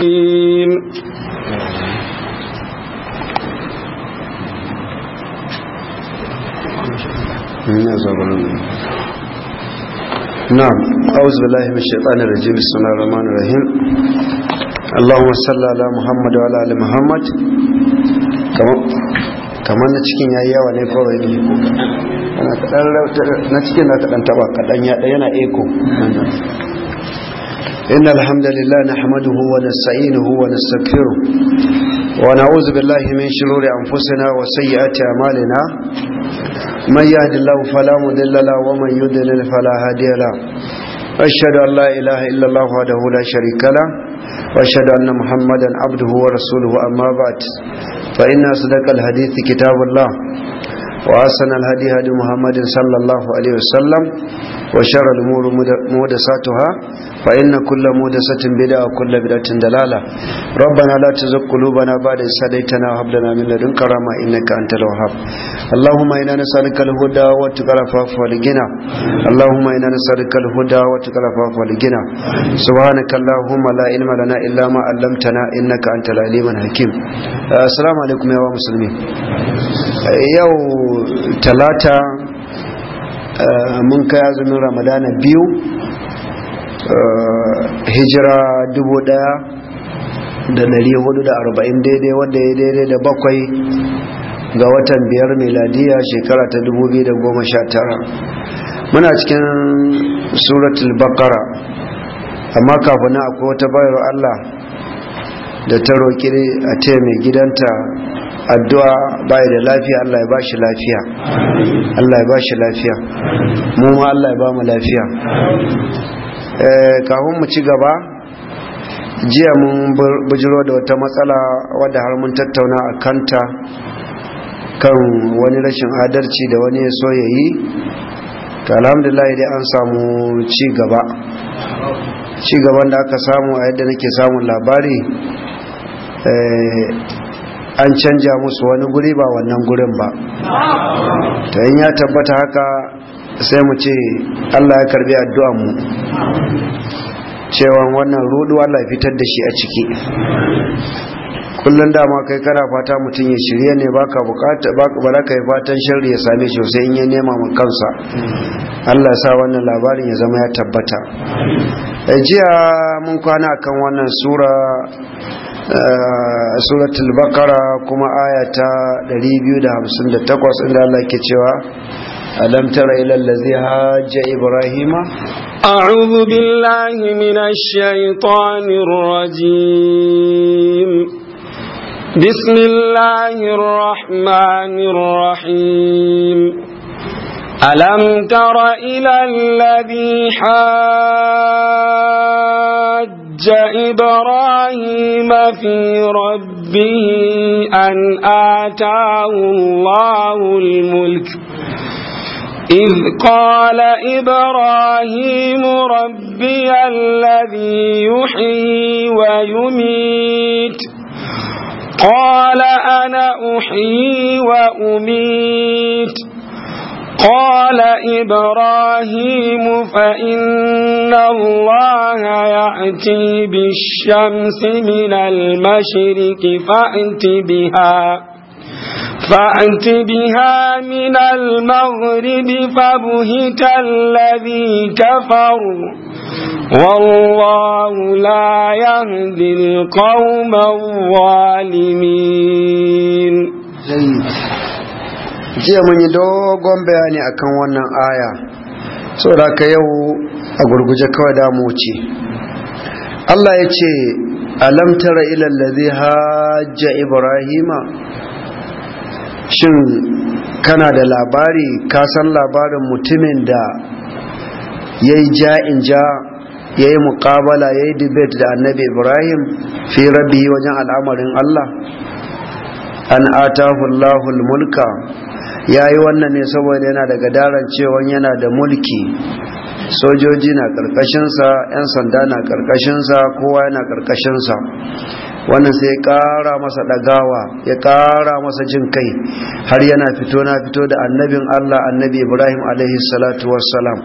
الرحيم نعم أعوذ بالله من الشيطان الرجيم بسم الله الرحمن الرحيم اللهم صل على محمد وعلى آل محمد kamar na cikin yayi yawa ne kawai ne yana kaɗan na cikin na kaɗan taba kaɗan yana eko إن الحمد لله نحمده ونستعينه ونستغفره ونعوذ بالله من شرور أنفسنا وسيئات أعمالنا من يهد الله فلا مضل له ومن يضلل فلا هادي له أشهد أن لا إله إلا الله وحده لا شريك له وأشهد أن محمدا عبده ورسوله أما بعد فإن أصدق الحديث كتاب الله وأحسن الهدي هدي محمد صلى الله عليه وسلم وشر الأمور مودساتها فإن كل مودسة بدعة وكل بدعة دلالة ربنا لا تزغ قلوبنا بعد إذ هديتنا وهب لنا من لدنك رحمة إنك أنت الوهاب اللهم إنا نسألك الهدى والتقى والعفو والغنى اللهم إنا نسألك الهدى والتقى والعفو والغنى سبحانك اللهم لا علم لنا إلا ما علمتنا إنك أنت العليم الحكيم السلام عليكم يا مسلمين يوم ثلاثة Eh, mun kai azumin ramadana biyu eh, hijira dubu daya da nari hudu da arba'in daidai wadda ya daidai da bakwai ga watan biyar meladiya shekara ta dubu biyu da goma sha tara muna cikin suratul bakara amma kafin akwai wata bayar allah da ta roƙi a ce mai gidanta addu'a baya da lafiya Allah ya ba shi lafiya Allah ya ba shi lafiya mu ma Allah ya ba mu lafiya eh, kafin mu ci gaba jiya mun bujiro da wata matsala wadda har mun tattauna a kanta kan wani rashin adalci da wani so yi to alhamdulillah dai an samu ci gaba ci gaban da aka samu a yadda nake samun labari eh, an canja musu wani guri ba wannan gurin ba ta yin ya tabbata haka sai mu ce allah ya karbi addu'a mu cewa wannan rudu allah fitar da shi a ciki kullum dama kai kana fata mutum ya shirya ne ba bukata bara kai fatan shirri ya same shi sai in ya nema mun kansa Allah sa wannan labarin ya zama ya tabbata eh, jiya mun kwana kan wannan sura suratul bakara kuma ayata 258 inda Allah ke cewa alam tara ila allazi hajja ibrahima a'udhu billahi minash shaitanir rajim bismillahir rahmanir rahim alam tara ila allazi hajja حج إبراهيم في ربه أن آتاه الله الملك إذ قال إبراهيم ربي الذي يحيي ويميت قال أنا أحيي وأميت قال إبراهيم فإن الله يأتي بالشمس من المشرك فأنت بها فأنت بها من المغرب فبهت الذي كفر والله لا يهدي القوم الظالمين jiya mun yi dogon bayani akan wannan aya saboda ka yau a gurguje kawai damu mu ce Allah ya ce alam tara ila allazi hajja ibrahima shin kana da labari ka san labarin mutumin da yayi ja'in ja yayi muqabala yayi debate da annabi ibrahim fi rabbi wajen al'amarin Allah an atahu allahul mulka ya yi wannan ne saboda yana daga daren cewa yana da mulki sojoji na karkashinsa 'yan sanda na karkashinsa kowa yana karkashinsa wannan sai ya kara masa ɗagawa, ya ƙara masa jin kai har yana fito na fito da annabin Allah annabi Ibrahim alaihi salatu wassalam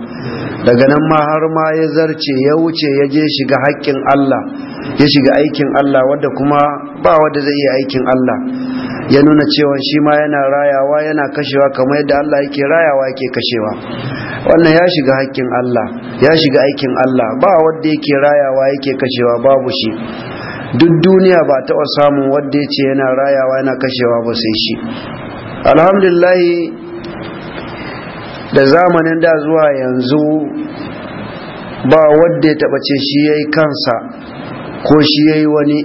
daga nan ma har ma ya zarce ya wuce ya je shiga haƙƙin Allah ya shiga aikin Allah wanda kuma ba wanda zai iya aikin Allah ya nuna cewa shi ma yana rayawa yana kashewa kamar yadda Allah yake rayawa yake kashewa wannan ya shiga hakkin Allah ya shiga aikin Allah ba wanda yake rayawa yake kashewa babu shi duk duniya ba taɓa samun wanda ya ce yana rayawa yana kashewa ba sai shi alhamdulillah da zamanin da zuwa yanzu ba wanda ya taɓa ce shi ya yi kansa ko shi ya yi wani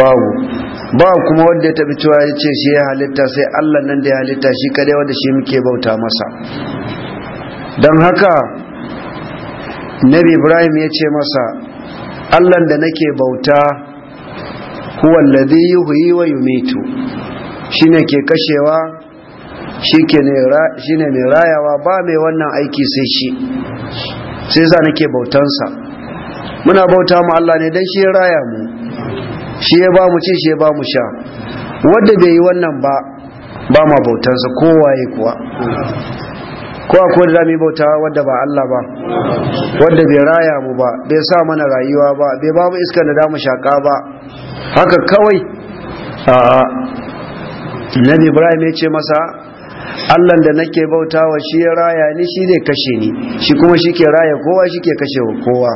babu ba kuma wanda ya tafi cewa ya ce shi ya halitta sai Allah nan da ya halitta shi kadai wanda shi muke bauta masa don haka nabi ibrahim ya ce masa Allah da nake bauta huwa yuhyi wa yumitu shine ke kashewa shine mai rayawa ba mai wannan aiki sai shi sai za nake bautansa muna bauta mu Allah ne dan shi ya raya mu shi ya ba mu ci shi ya ba mu sha wadda bai yi wannan ba ba ma bautansa kowaye kuwa ko a da zami bauta wadda ba Allah ba wadda bai raya mu ba bai sa mana rayuwa ba bai ba mu iska da damu shaka ba haka kawai a nabi ibrahim ya ce masa Allah da nake bautawa shi ya raya ni shi ne kashe ni shi kuma shi ke raya kowa shi ke kashe kowa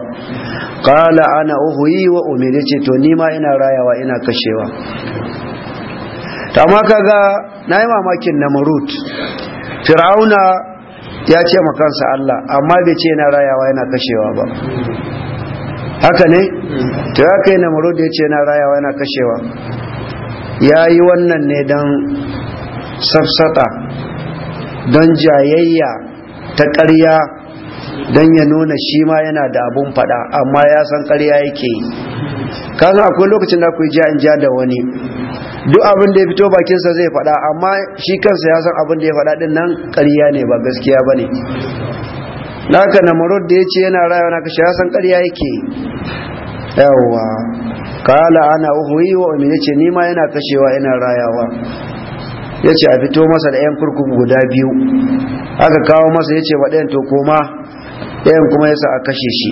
Kala ana yi wa umiri ce to ni ma ina rayawa ina kashewa ta ma kaga yi mamakin na marut fir'auna ya ce makansa Allah amma bai ce yana rayawa yana kashewa ba haka ne to ya kai na marut ya ce yana rayawa yana kashewa ya yi wannan ne don safsata don jayayya ta ƙarya don ya nuna shi ma yana da abun faɗa amma ya san ƙarya yake yi kan akwai lokacin da ku ji in ja da wani duk abin da ya fito bakinsa zai fada amma shi kansa ya san abin da ya fada ɗin nan ƙarya ne ba gaskiya ba ne na da ya ce yana rayuwa na kashe ya san ƙarya yake yawwa kala ana uhuyi wa umini ce nima yana kashewa yana rayawa ya ce a fito masa da 'yan kurkuku guda biyu aka kawo masa ya ce waɗayan to koma ɗayan kuma yasa a kashe shi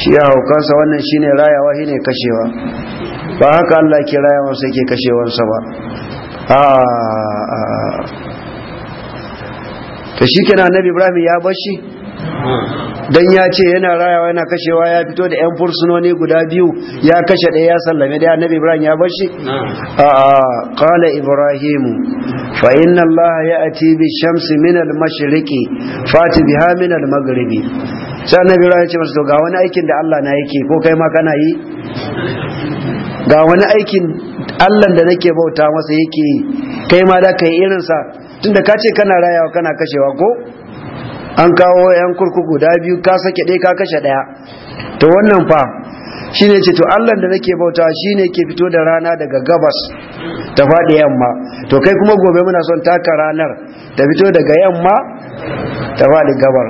shi ya haukansa wannan shi ne rayawa shi ne kashewa ba haka allah ke rayawa sai ke kashewansa ba ta shi kenan nabi ibrahim ya bashi. dan ya ce yana rayawa yana kashewa ya fito da yan fursunoni guda biyu ya kashe ɗaya ya sallame da annabi ibrahim ya bar shi a qala ibrahim fa inna allah ya'ti bi shamsi min al mashriqi fati biha min al maghribi sai annabi ibrahim ya ce masa to ga wani aikin da allah na yake ko kai ma kana yi ga wani aikin allah da nake bauta masa yake kai ma da kai irinsa tunda ka ce kana rayawa kana kashewa ko an kawo yan kurkuku guda biyu ka sake ɗaya ka kashe ɗaya to wannan fa shine ce to Allah da nake bauta shine ke fito da rana daga gabas ta faɗi yamma to kai kuma gobe muna son taka ranar ta fito daga yamma ta faɗi gabar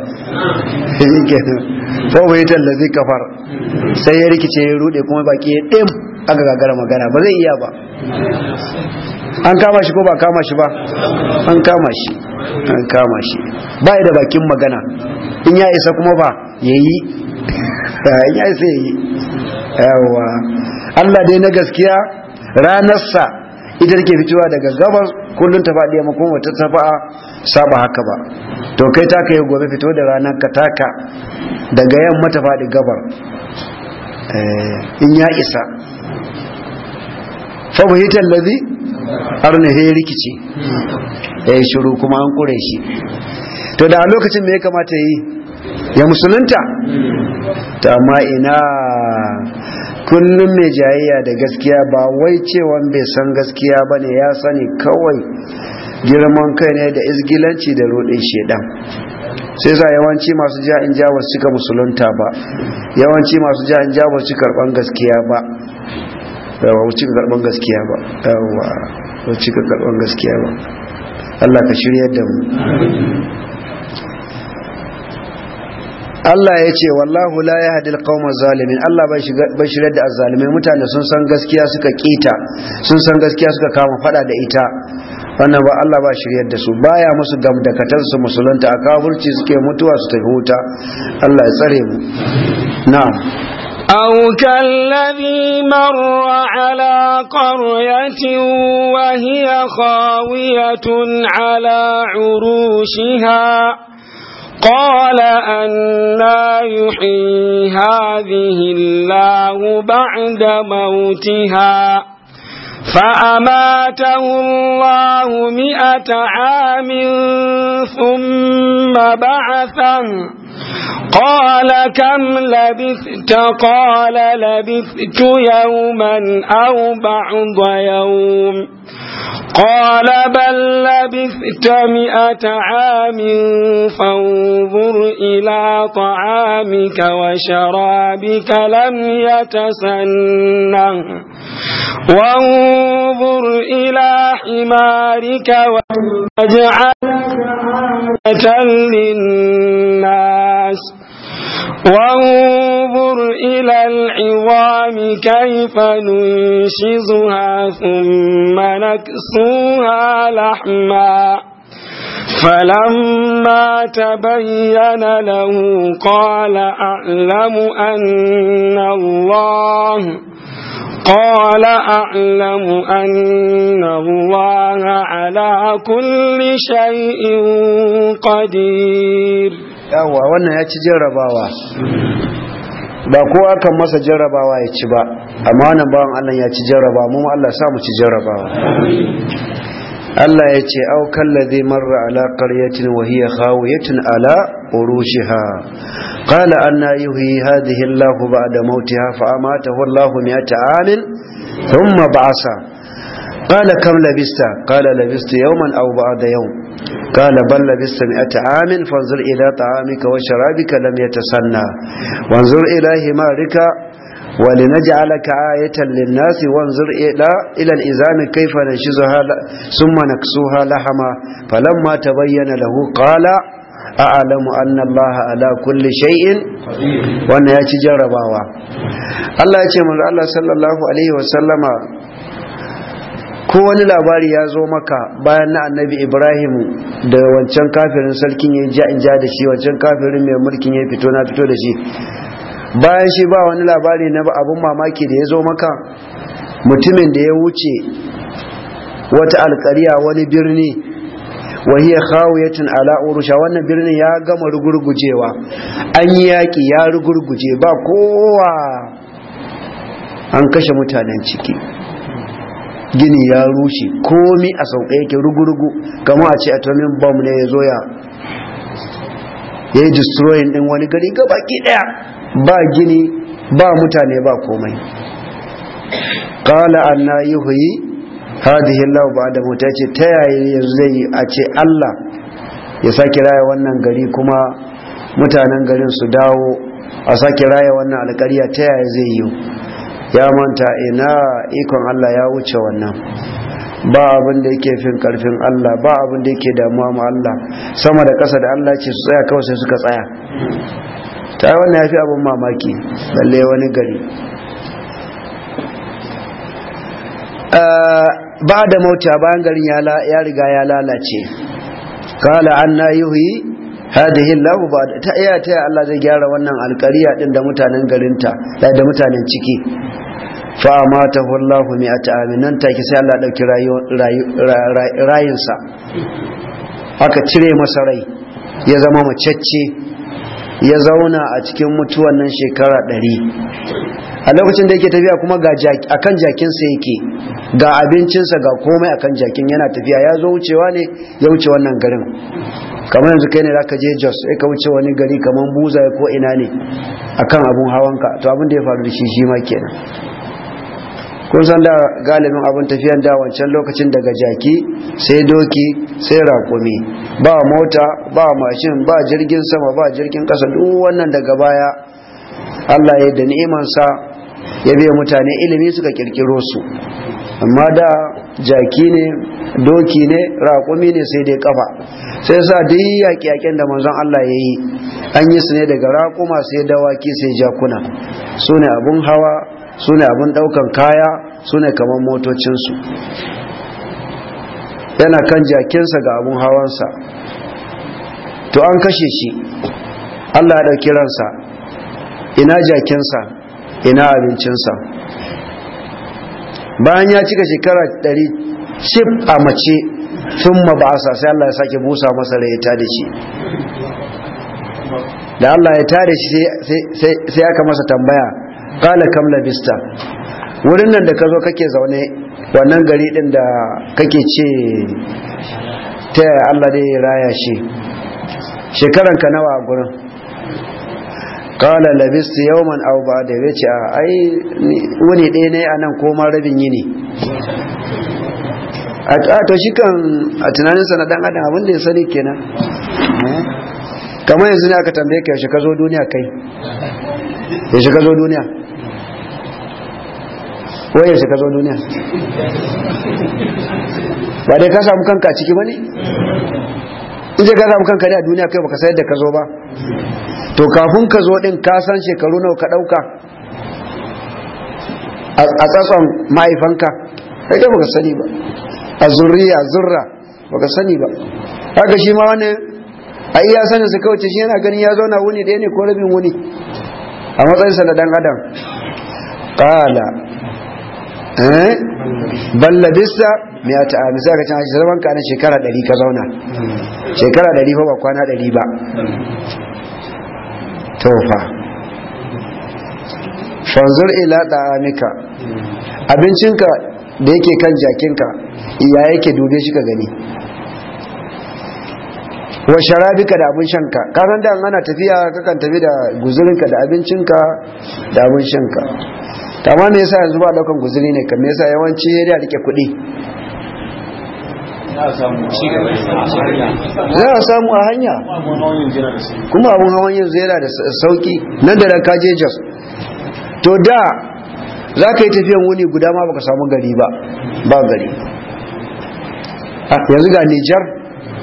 ko bai tallazi kafar sai ya rikice ya rude kuma baki ya ɗim aka gagara magana ba zai iya ba an kama shi ko ba kama shi ba an kama shi an kama shi ba da bakin magana in ya isa kuma ba ya yi eh, in ya isa ya yi yawa Allah dai na gaskiya ranarsa ita take fitowa daga gabar kullum ta faɗi amma kuma wata tafa saba haka ba to kai ta kai gobe fito da ranar ka taka daga yamma ta faɗi gabar eh, in ya isa fa buhitan ladhi arna he rikici ya yi shiru kuma an kure shi to da lokacin me ya kamata yi ya musulunta ta ma ina kullum mai jayayya da gaskiya ba wai cewan bai san gaskiya ba ne ya sani kawai girman kai ne da izgilanci da rudin shedan sai za yawanci masu ja'in in cika musulunta ba yawanci masu ja'in in cika karban gaskiya ba yawa wuce ga karban gaskiya ba yawa wuce karban gaskiya ba Allah ka shirya da mu Allah ya ce wallahu la hadil alqauma zalimin Allah bai shirya da azzalimai mutane sun san gaskiya suka kita sun san gaskiya suka kama fada da ita wannan ba Allah ba shirya da su baya musu gamdakatar su musulunta a kafurci suke mutuwa su tafi wuta Allah ya tsare mu na'am أو كالذي مر على قرية وهي خاوية على عروشها قال أنا يحيي هذه الله بعد موتها فأماته الله مئة عام ثم بعثا قال كم لبثت قال لبثت يوما أو بعض يوم قال بل لبثت مئة عام فانظر إلى طعامك وشرابك لم يتسنه وانظر إلى حمارك واجعلك عامة للناس وانظر إلى العظام كيف ننشزها ثم نكسوها لحما فلما تبين له قال أعلم أن الله قال أعلم أن الله على كل شيء قدير yawa wannan ya ci jarrabawa ba kowa kan masa jarrabawa ya ci ba amma wannan bawan Allah ya ci jarraba mu Allah sa mu ci jarrabawa Allah ya ce au kallazi marra ala qaryatin wa hiya khawiyatun ala urushiha qala anna yuhyi hadhihi Allahu ba'da mautiha fa amatahu Allahu mi'ata amin thumma ba'asa قال كم لبست قال لبست يوما أو بعد يوم قال بل لبست مئة عام فانظر إلى طعامك وشرابك لم يتسنى وانظر إلى همارك ولنجعلك آية للناس وانظر إلى إلى الإزام كيف ننشزها ثم نكسوها لحما فلما تبين له قال أعلم أن الله على كل شيء وأن يأتي جرباوا الله يأتي من الله صلى الله عليه وسلم ko wani labari ya zo maka bayan na annabi ibrahim da wancan kafirin sarkin ya ja in ja da shi wancan kafirin mai mulkin ya fito na fito da shi bayan shi ba wani labari na abin mamaki da ya zo maka mutumin da ya wuce wata alkariya wani birni wahiyar khawiyatun ala urusha wannan birnin ya gama rugurgujewa an yi yaƙi ya rugurguje ba kowa an kashe mutanen ciki gini ya rushe komi a sauƙa yake rugurugu kama a ce atomin bomb ne ya zo ya yi destroying din wani gari gaba ɗaya, ba gini ba mutane ba komai ƙala an na yi huyi hadihi lau ba da mutu ce ta yayi yanzu zai yi a ce allah ya sake raya wannan gari kuma mutanen garin su dawo a sake raya wannan alkariya ta yaya zai yi ya manta ina ikon Allah ya wuce wannan ba abin da yake fin karfin Allah ba abin da yake damuwa ma Allah sama da ƙasa da Allah ce su tsaya kawai sai suka tsaya ta wannan ya fi abin mamaki lalle wani gari ba da mauta bayan garin ya riga ya lalace kala an na yuhi hadihi lahu ba ta iya ta Allah zai gyara wannan alƙariya din da mutanen garinta da mutanen ciki fa mata wallahu mi'ata amin nan take sai Allah dauki rayinsa aka cire masa rai ya zama macecce ya zauna a cikin mutuwan nan shekara ɗari a lokacin da yake tafiya kuma ga akan jakinsa yake ga abincinsa ga komai akan jakin yana tafiya ya zo wucewa ne ya wuce wannan garin kamar yanzu kai ne zaka je Jos sai ka wuce wani gari kamar buza ko ina ne akan abun hawanka to abin da ya faru da shi shi ma kenan kun san da galibin abin tafiyan da wancan lokacin daga jaki sai doki sai rakumi ba mota ba mashin ba jirgin sama ba jirgin kasa duk wannan daga baya Allah ya da ni'imansa ya biya mutane ilimi suka kirkiro su amma da jaki ne doki ne raƙumi ne sai dai kafa sai sa duk yaƙi-yaƙen da manzon Allah ya yi an yi su ne daga raƙuma sai dawaki sai jakuna su ne abun hawa su ne abun ɗaukan kaya su ne kamar motocinsu yana kan jakinsa ga abun hawansa to an kashe shi Allah ya ɗauki ransa ina jakinsa ina abincinsa bayan ya cika shekara ɗari cif a mace sun sa sai Allah ya sake busa masa rai ya tare shi da Allah ya tare shi sai aka masa tambaya kala kam labista wurin nan da ka zo kake zaune wannan gari ɗin da kake ce ta Allah dai raya shi shekaranka nawa a gurin kala labistu yawman aw ba da ce a ah, ai wani ɗaya ne anan ko ma rabin yini a to shi kan a tunanin sa na dan adam abin da ya sani kenan eh? kamar yanzu ne aka tambaye ka yaushe ka zo duniya kai yaushe ka zo duniya Ko yaushe ka zo duniya ba dai ka samu kanka ciki ba ne in ka samu kanka ne a duniya kai baka sayar da ka zo ba to kafin ka zo din ka san shekaru nawa ka dauka a tsatson mahaifanka kai baka sani ba a zurriya zurra baka sani ba haka shi ma wani a iya sanin su kawai shi yana ganin ya zauna wuni ɗaya ne ko rabin wuni a matsayinsa na dan adam qala Eh? ballabista mai a ta'a misa ga can aji zaman kanin shekara ɗari ka zauna shekara ɗari ba kwana ɗari ba tofa fanzur ila ta'amika abincinka da yake kan jakinka ya yake dube shi ka gani wa sharabika da abin shanka kasan da ana tafiya kakan tafi da guzurinka da abincinka da abin shanka ta ma me yasa yanzu ba daukan guzuri ne kamar yasa yawanci ya rike kuɗi za a samu a hanya kuma abun hawan yanzu yana da sauki nan da nan kaje jos to da za ka yi tafiyan wuni guda ma baka samu gari ba ba gari yanzu ga nijar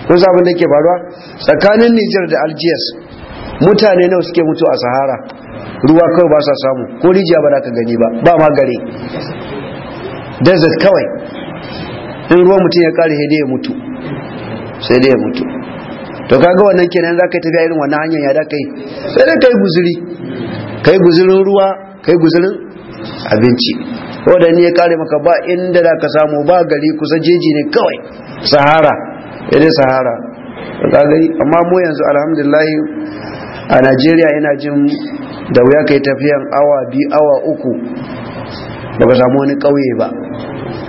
kun sabon da ke faruwa tsakanin nijar da algiers mutane nawa suke mutu a sahara ruwa kawai ba sa samu ko rijiya ba da ka gani ba ba ma gare desert kawai in ruwan mutum ya kare hede ya mutu sai dai ya mutu to kaga wannan kenan za ka tafiya irin wannan hanyar ya da kai sai dai kai guzuri kai guzurin ruwa kai guzurin abinci wanda ne ya kare maka ba inda za ka samu ba gari kusa jeji ne kawai sahara ya sahara ka gani amma mu yanzu alhamdulillah a najeriya ina jin da wuya ka yi tafiyan awa bi awa uku ba samu wani ƙauye ba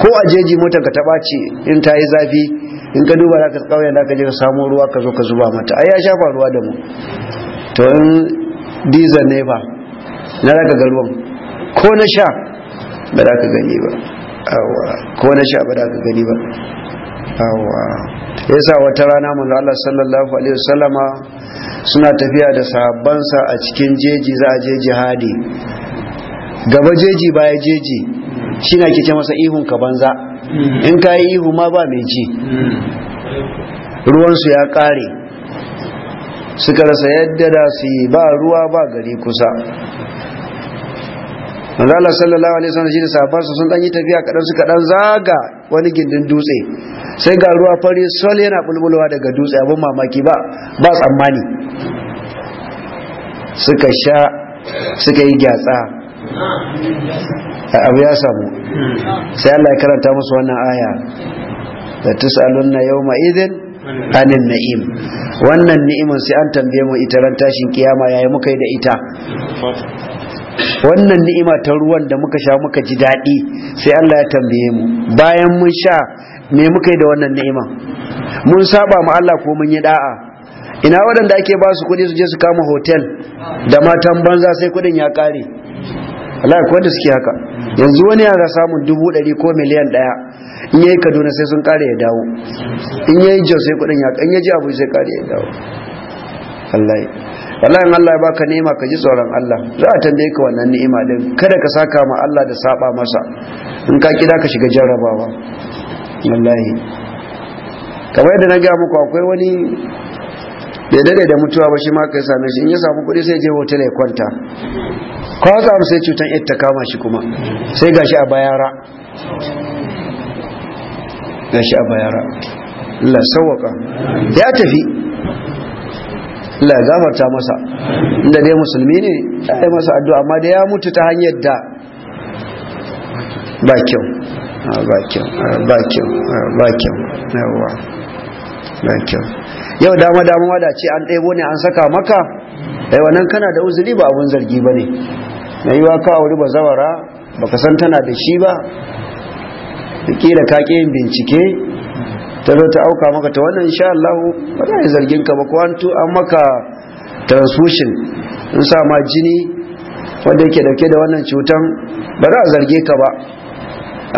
ko a jeji motar ka taɓa ce in ta yi zafi in ka duba za ka ƙauyen da ka je ka samu ruwa ka zo ka zuba mata ai ya shafa ruwa da mu to in diza ne ba na za ka ga ko na sha ba za ka gani ba ko na sha ba za ka gani ba yasa wata rana manzo Allah sallallahu alaihi wasallama suna tafiya da sahabbansa a cikin jeji za a je jihadi gaba jeji baya jeji shine ake ce masa ihun ka banza in ka yi ihu ma ba mai ji ruwansu ya kare suka rasa yadda da su ba ruwa ba gari kusa Allah sallallahu alaihi wasallam shi da safar su sun dan yi tafiya kadan suka dan zaga wani gindin dutse sai ga ruwa fari sol yana bulbulwa daga dutse abun mamaki ba ba tsammani suka sha suka yi gyatsa abu ya samu sai Allah ya karanta musu wannan aya da tus'alunna yawma idhin anin na'im wannan ni'imin sai an tambaye mu ita ran tashin kiyama yayi muka yi da ita wannan ni'ima ta ruwan da muka sha muka ji daɗi sai Allah ya tambaye mu bayan mun sha me muka yi da wannan ni'ima mun saba mu Allah ko mun yi da'a ina waɗanda ake ba su kuɗi su je su kama hotel da matan banza sai kuɗin ya ƙare Allah ko da suke haka yanzu wani ga samun dubu ɗari ko miliyan ɗaya in yayi Kaduna sai sun ƙare ya dawo in yayi Jos sai kuɗin ya in yaji Abuja sai ƙare ya dawo Allah wallahi Allah ya baka ni'ima ka ji tsoron Allah za a tambaye ka wannan ni'ima din kada ka saka ma Allah da saba masa in ka kida ka shiga jarrabawa wallahi kamar yadda na ga muku akwai wani da dade da mutuwa ba shi ma kai same shi in ya samu kuɗi sai je hotel ya kwanta za mu sai cutan ita kama shi kuma sai gashi a bayara gashi a bayara Allah sawaka ya tafi Allah ya gafarta masa inda dai musulmi ne ya masa addu'a amma da ya mutu ta hanyar da ba kyau ba kyau yawa ba yau dama dama da ce an ɗebo ne an saka maka ai wannan kana da uzuri ba abun zargi ba bane mai yiwa ka auri ba zawara baka san tana da shi ba kila ka ƙi yin bincike ta zo ta auka maka ta wannan insha Allah ba za a zargin ka ba ko an to an maka transfusion in sa ma jini wanda yake dauke da wannan cutan ba za a zarge ka ba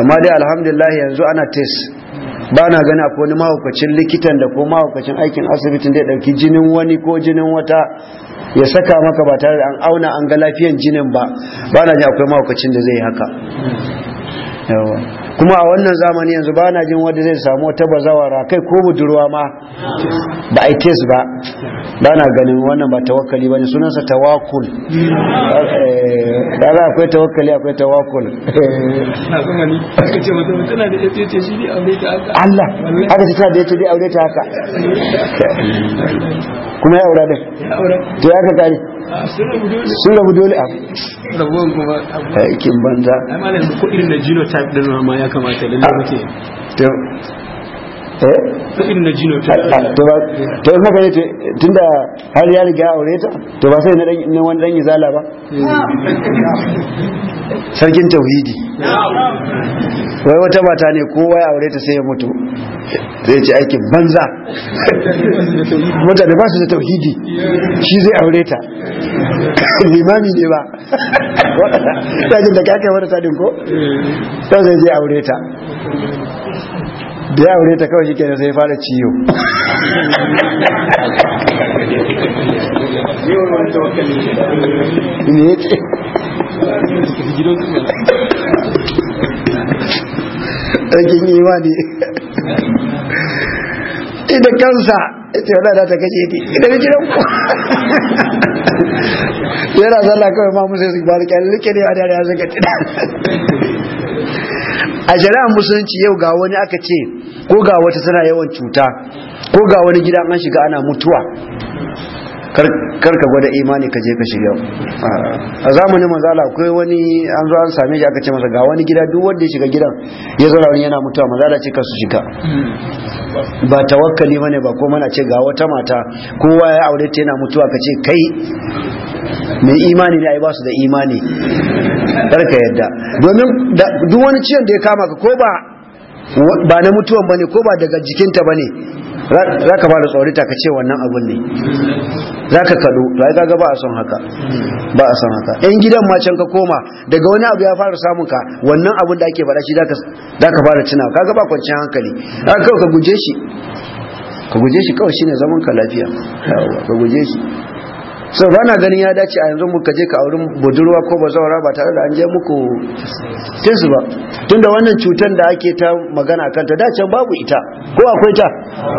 amma dai alhamdulillah yanzu ana test ba na gani akwai wani mahaukacin likitan da ko mahaukacin aikin asibitin da ya dauki jinin wani ko jinin wata ya saka maka ba tare da an auna an ga lafiyan jinin ba ba na ji akwai mahaukacin da zai yi haka yawa kuma a wannan zamani yanzu ba na jin wanda zai samu wata bazawara kai ko budurwa ma ba a ba ba na ganin wannan ba tawakkali ba ne sunansa tawakul da za akwai tawakkali akwai tawakul Allah aka ce da ya ce aure ta haka kuma ya ya din to ya ka sun rabu dole a rabuwan kuma aikin banza amma da kuɗin da genotype din ma ya kamata da ne muke eh ta irin na jino ta ah, to in haka ne da har ya riga aure ta to ba sai na dan wani dan izala ba sarkin tauhidi wai wata mata ne kowa ya aure ta sai ya mutu zai ci aikin banza mutane ba su da tauhidi shi zai aure ta limami ne ba ɗajin da kakai wata sadin ko? ta zai je aure ta da ya wuri ta kawai shi kenan sai fara ciyo ne ɗakin yi ma ne idan kansa ita yana da ta kashe ki idan gidan ku yana zalla kawai ma musa su bari kyan rike a dare ya zaga tina a jari'ar musulunci yau ga wani aka ce ko ga wata tana yawan cuta ko ga wani gida an shiga ana mutuwa kar gwada imani ka je ka shiga a zamanin manzala akwai wani an zo an same shi aka ce masa ga wani gida duk wanda ya shiga gidan ya zara wani yana mutuwa manzala ce ka su shiga hmm. ba tawakkali ne ba ko mana ce ga wata mata kowa ya aure ta yana mutuwa ka ce kai mai imani ne ai ba su da imani ka yadda domin duk wani ciyon da ya kama ka ko ba ba na mutuwan ne ko ba daga jikinta ba ne. za ka fara tsorita ka ce wannan abun ne za ka kadu to ai kaga ba a son haka ba a son haka yan gidan ma can ka koma daga wani abu ya fara samun ka wannan abun da ake faɗa shi za ka fara tunawa kaga ba kwanciyar hankali haka ka guje shi ka guje shi kawai shine zaman ka lafiya ka guje shi so ba na ganin ya dace a yanzu muka je ka aurin budurwa ko bazawara ba tare da an je muku tinsu ba tunda wannan cutar da ake ta magana kanta dace babu ita ko akwai ta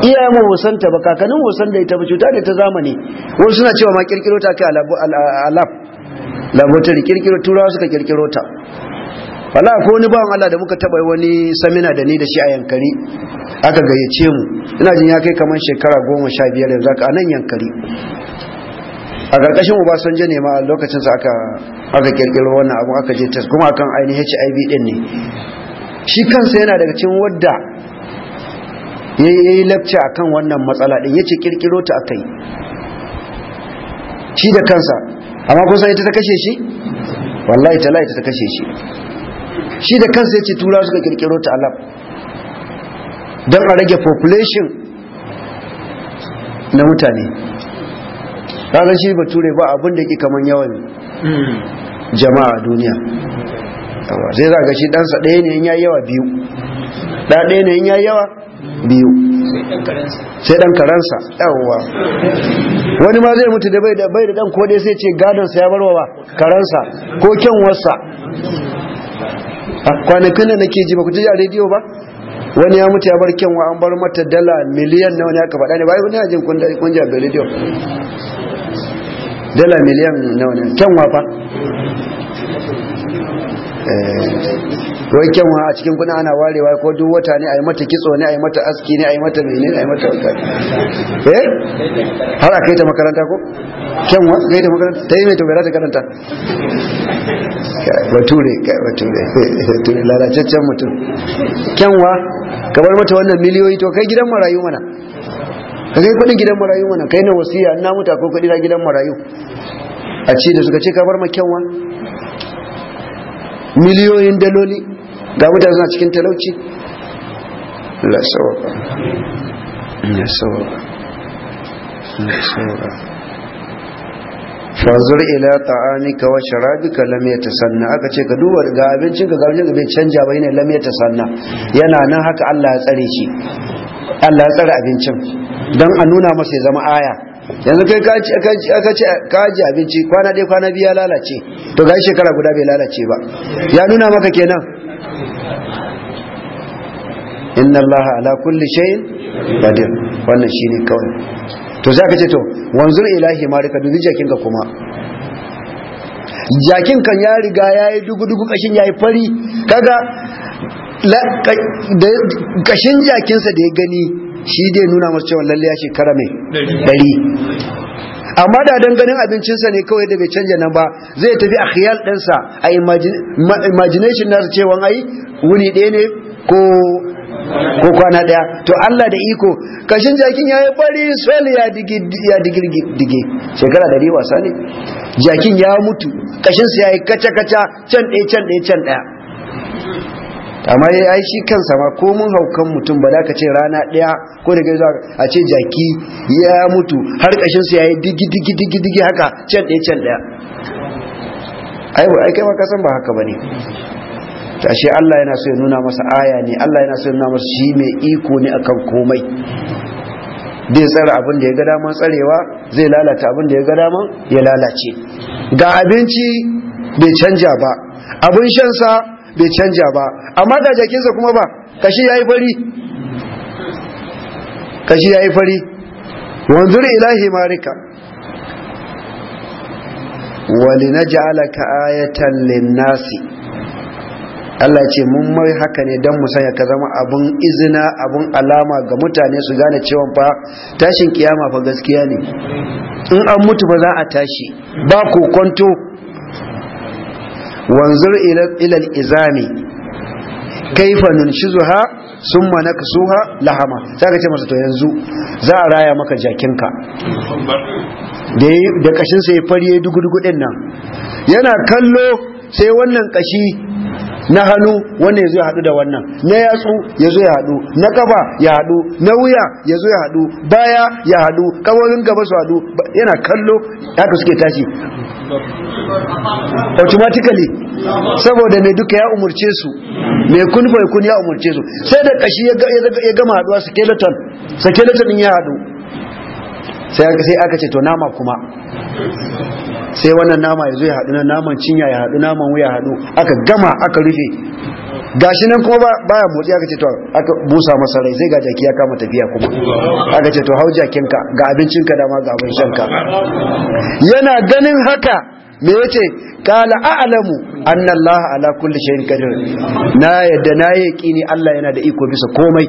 iyayen mu husanta ba kakanin husan da ita ba cuta ne ta zamani wasu suna cewa ma kirkiro ta kai alaf laboratory kirkiro turawa suka kirkiro ta wala ko wani bawan Allah da muka taba wani samina da ni da shi a yankari aka gayyace mu ina jin ya kai kamar shekara goma sha biyar yanzu a nan yankari a ƙarƙashin obasanjo ne ma lokacin su aka aka kirkiro wannan abu aka je test kuma akan ainihin hiv din ne shi kansa yana daga cikin wadda ya yi a akan wannan matsala ɗin ya ce kirkiro ta yi. shi da kansa amma kusa ita ta kashe shi wallahi ta ita ta kashe shi shi da kansa ya ce tura suka kirkiro ta alam don a rage population na mutane kaga shi bature ba abin da ke kaman yawan jama'a duniya sai za ga shi ɗansa ɗaya ne ya yawa biyu ɗaya ne ya yawa biyu sai ɗan karansa yawwa wani ma zai mutu da bai da ɗan kodai sai ce gadonsa ya barwa ba karansa ko kyanwarsa a kwanakin da nake ji ba ku a rediyo ba wani ya mutu ya bar kyanwa an bar mata dala miliyan na wani aka faɗa ne ba yi wani ajin kunja a rediyo dala miliyan nawa ne kyanwa fa eh, wai kyanwa a cikin kuna ana warewa ko duk wata ne a yi mata kitso ne a yi mata aski ne a yi mata menene a yi mata wanka eh har a kai ta makaranta ko kyanwa kai ta makaranta ta yi mai tobera ta karanta bature bature bature lalacaccen mutum kyanwa kamar mata wannan miliyoyi to kai gidan marayu mana ka kai kudin gidan marayu mana kai na wasiya na mutu ko kudi na gidan marayu a ce da suka ce ka bar makyanwa miliyoyin daloli ga mutane suna cikin talauci la sawaba la sawaba la sawaba fazur ila ta'amika wa sharabika lam yatasanna aka ce ka duba ga abincin ka ga abincin ka bai canja ba yana lam yatasanna yana nan haka Allah ya tsare shi Allah ya tsare abincin don a nuna masa ya zama aya yanzu kai ka ji abinci kwana ɗaya kwana biya lalace to ga shekara guda bai lalace ba ya nuna maka kenan inna Allah ala kulli shay'in qadir wannan shine kawai to sai ka ce to wanzur ilahi marika dubi jakin ka kuma jakin kan ya riga yayi dugu dugu kashin yayi fari kaga kashin jakinsa da ya gani shi dai nuna masa cewa lalle ya shekara mai dari amma da dan ganin abincinsa ne kawai da bai canja nan ba zai tafi a khiyal ɗinsa a imagination na cewa ai wuni ɗaya ne ko ko kwana ɗaya to Allah da iko kashin jakin ya yi bari sol ya digi. shekara dari wasa ne jakin ya mutu kashinsa ya yi kaca-kaca can ɗaya can ɗaya can ɗaya amma ya yi shi kansa ma ko mun haukan mutum ba da ka ce rana ɗaya ko da zuwa a ce jaki ya mutu har ƙashinsu ya yi digi digi digi digi haka can ɗaya can ɗaya ai kai ma kasan ba haka ba ne Ta ashe Allah yana so ya nuna masa aya ne Allah yana so ya nuna masa shi mai iko ne akan komai zai tsara abin da ya ga daman tsarewa zai lalata abin da ya ga daman ya lalace ga abinci bai canja ba abin shansa bai canja ba amma da jakinsa kuma ba kashi yayi fari kashi yayi fari wanzur ila himarika walinaj'alaka ayatan lin-nasi Allah ce mun mai haka ne don musanya ka zama abun izina abun alama ga mutane su gane cewa fa tashin kiyama fa gaskiya ne in an mutu ba za a tashi ba kwanto wanzur ila izami kaifa nunshizuha summa naksuha lahama sai ka ce masa to yanzu za a raya maka jakinka da kashin sai fari dugu-dugu din nan yana kallo sai wannan kashi na hannu wanda ya zo ya haɗu da wannan na yatsu ya zo ya hadu, na kafa ya haɗu na wuya ya zo ya haɗu baya ya haɗu kawalin gaba su haɗu yana kallo haka suke tashi automatically saboda mai duka ya umurce su mai kun fa kun ya umurce su sai da kashi ya gama haɗuwa skeleton skeleton ya haɗu sai aka ce to nama kuma sai wannan nama ya zo ya haɗu na naman cinya ya haɗu naman wuya haɗu aka gama aka rufe gashi nan kuma baya motsi aka ce to aka busa masa rai sai ga jaki ya kama tafiya kuma aka ce to hau jakinka ga abincinka dama ga abin shanka yana ganin haka me yace kala a'lamu anna allaha ala kulli shay'in qadir na yadda na yaqini Allah yana da iko bisa komai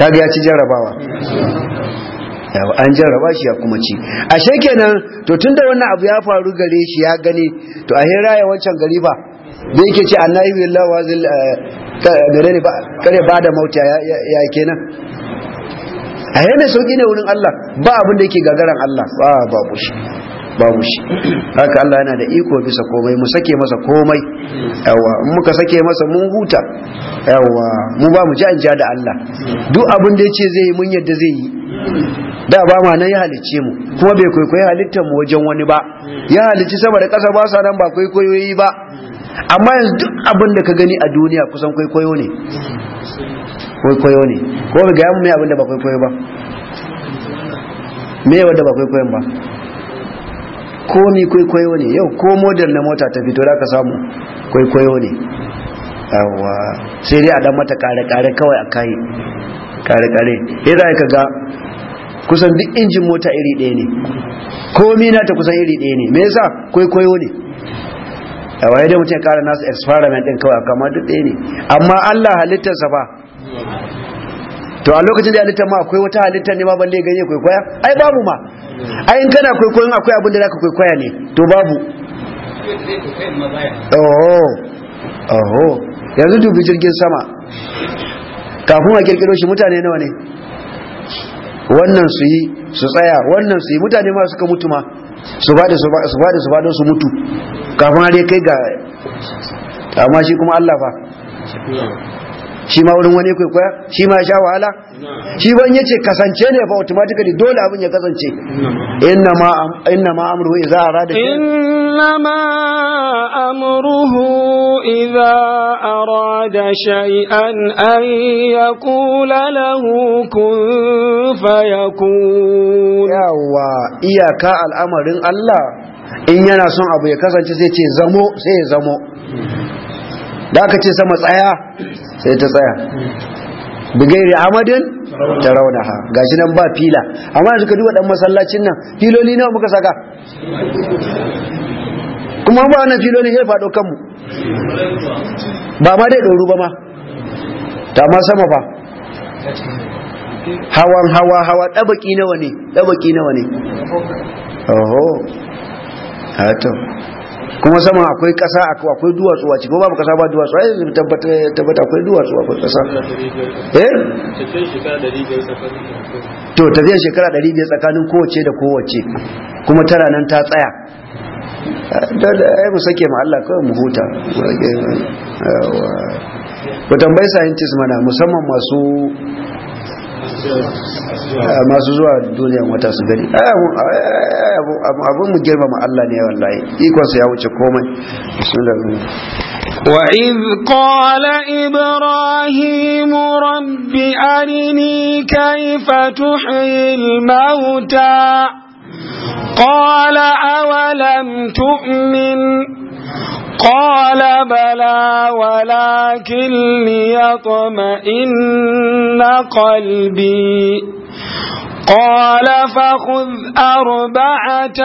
kaga ya ci jarabawa an jarraba shi ya kuma ci ashe kenan to tunda wannan abu ya faru gare shi ya gani to a hira ya wancan gari ba da yake ce annabi billahi wa zil gare eh, ne ba ba da mauti ya kenan a mai sauki ne wurin Allah ba abin da yake gagaran Allah ba babu shi babu shi haka Allah yana da iko bisa komai mu sake masa komai yawa in muka sake masa mun huta yawa mu ba mu ji an ja da Allah duk abin da yace zai yi mun yadda zai yi da ba ma nan ya halicce mu kuma bai kwaikwayi halittar mu wajen wani ba ya halicci saboda kasa ƙasa ba sa nan ba kwaikwayoyi ba amma yanzu duk abin da ka gani a duniya kusan kwaikwayo ne kwaikwayo ne ko ga mu mai abin da ba kwaikwayo ba me wanda ba kwaikwayon ba komi kwaikwayo ne yau ko model na mota ta fito da ka samu kwaikwayo ne yawa sai dai a dan mata kare-kare kawai a kayi kare-kare ya za ka ga kusan duk injin mota iri ɗaya ne komi na ta kusan iri ɗaya ne me yasa kwaikwayo ne yawa ya dai mutum ya kara nasu experiment ɗin kawai kama duk ɗaya ne amma allah halittarsa ba to a lokacin da ya halitta ma akwai wata halitta ne ma balle ganye kwaikwaya ai babu ma ai in kana kwaikwayon akwai abin da zaka kwaikwaya ne to babu oh oh yanzu dubi jirgin sama kafin a kirkiro shi mutane nawa ne wannan su yi su tsaya wannan su yi mutane ma suka mutu ma su bada su bada su bada su mutu kafin har kai ga amma shi kuma Allah fa shi ma wurin wani kwaikwaya shi ma sha wahala shi ban yace kasance ne ba automatically dole abin ya kasance inna ma inna ma amruhu idza arada inna ma amruhu idza arada shay'an an yaqula lahu kun fayakun yawa iyaka al'amarin Allah in yana son abu ya kasance sai ce zamo sai ya zamo da aka ce sama tsaya sai ta tsaya bigairi amadin ta ha gashi nan ba fila amma yanzu ka duba dan masallacin nan filoli nawa muka saka kuma ba wannan filoli sai faɗo kanmu ba ma dai ɗoru ba ma ta ma sama fa hawan hawa hawa ɗabaki nawa ne ɗabaki nawa ne oho hato kuma sama akwai kasa akwai duwatsu a ciki babu kasa ba duwatsu a yi tabbata akwai duwatsu akwai kasa eh to tafiyar shekara 500 tsakanin kowace da kowace kuma tara nan ta tsaya ai mu sake mu Allah kawai mu huta eh, ku tambayi scientist mana musamman masu Eh, masu zuwa duniyan wata su gani eh, eh, abin mu girmama Allah ne wallahi ikonsa ya wuce komai وإذ قال إبراهيم رب أرني كيف تحيي الموتى قال أولم تؤمن قال بلى ولكن ليطمئن قلبي قال فخذ أربعة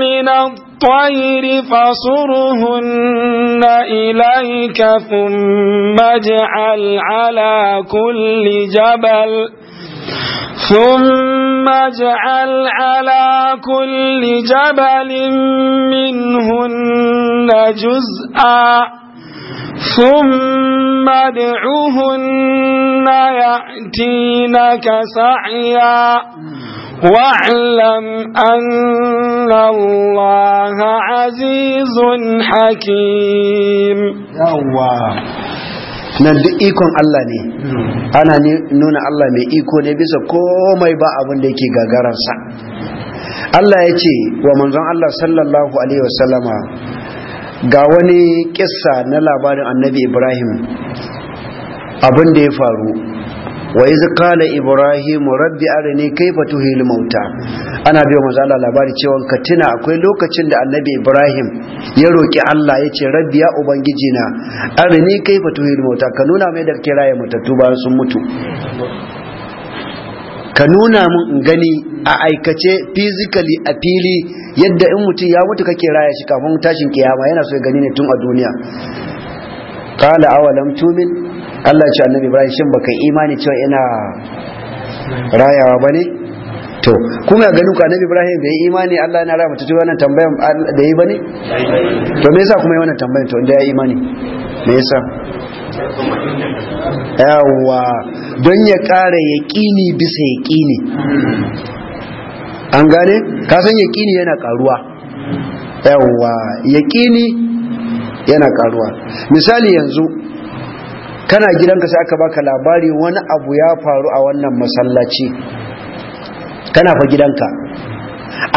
من الطير فصرهن إليك ثم اجعل على كل جبل ثم اجعل على كل جبل منهن جزءا ثم ادعهن يأتينك سعيا واعلم أن الله عزيز حكيم الله nan duk ikon Allah ne ana nuna Allah mai iko ne bisa komai ba abin da yake gagararsa Allah ya ce wa manzon Allah sallallahu alaihi wasallama ga wani kissa na labarin annabi Ibrahim abin da ya faru wa iz qala ibrahim rabbi arini kayfa tuhil mauta ana biyo manzo Allah labari cewa katina akwai lokacin da annabi ibrahim ya roki Allah ya ce rabbi ya ubangiji na arini kayfa tuhil mauta ka nuna mai da kiraye mutattu bayan sun mutu ka nuna mun gani a aikace physically a fili yadda in mutu ya mutu kake raya shi kafin tashin kiyama yana so ya gani ne tun a duniya qala awalam tumin Allah ce annabi Ibrahim shin baka imani cewa ina rayawa bane to kuma ya ganin ku annabi Ibrahim bai imani Allah yana raya mutu wannan tambayan da yi bane to me yasa kuma yi wannan tambayan to inda ya imani me yasa yawa don ya kara yaqini bisa yaqini an gane ka san yaqini yana karuwa yawa yaqini yana karuwa misali yanzu kana gidanka sai aka baka labari wani abu ya faru a wannan masallaci kana fa gidanka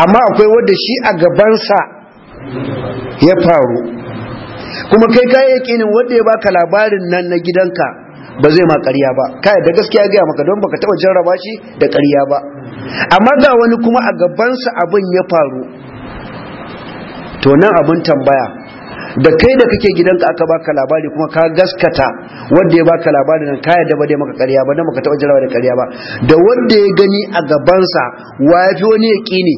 amma akwai wanda shi a gabansa ya faru kuma kai ka yakinin wanda ya baka labarin nan na gidanka ba zai ma ƙarya ba kai da gaskiya gaya maka don baka taba jarraba shi da ƙarya ba amma ga wani kuma a gabansa abin ya faru to nan abin tambaya da kai da kake gidanka aka baka labari kuma ka gaskata wanda ya baka labarin nan ka yadda ba dai maka ƙarya ba dan maka taɓa jarawa da ƙarya ba da wanda ya gani a gabansa wa ya fi wani yaƙini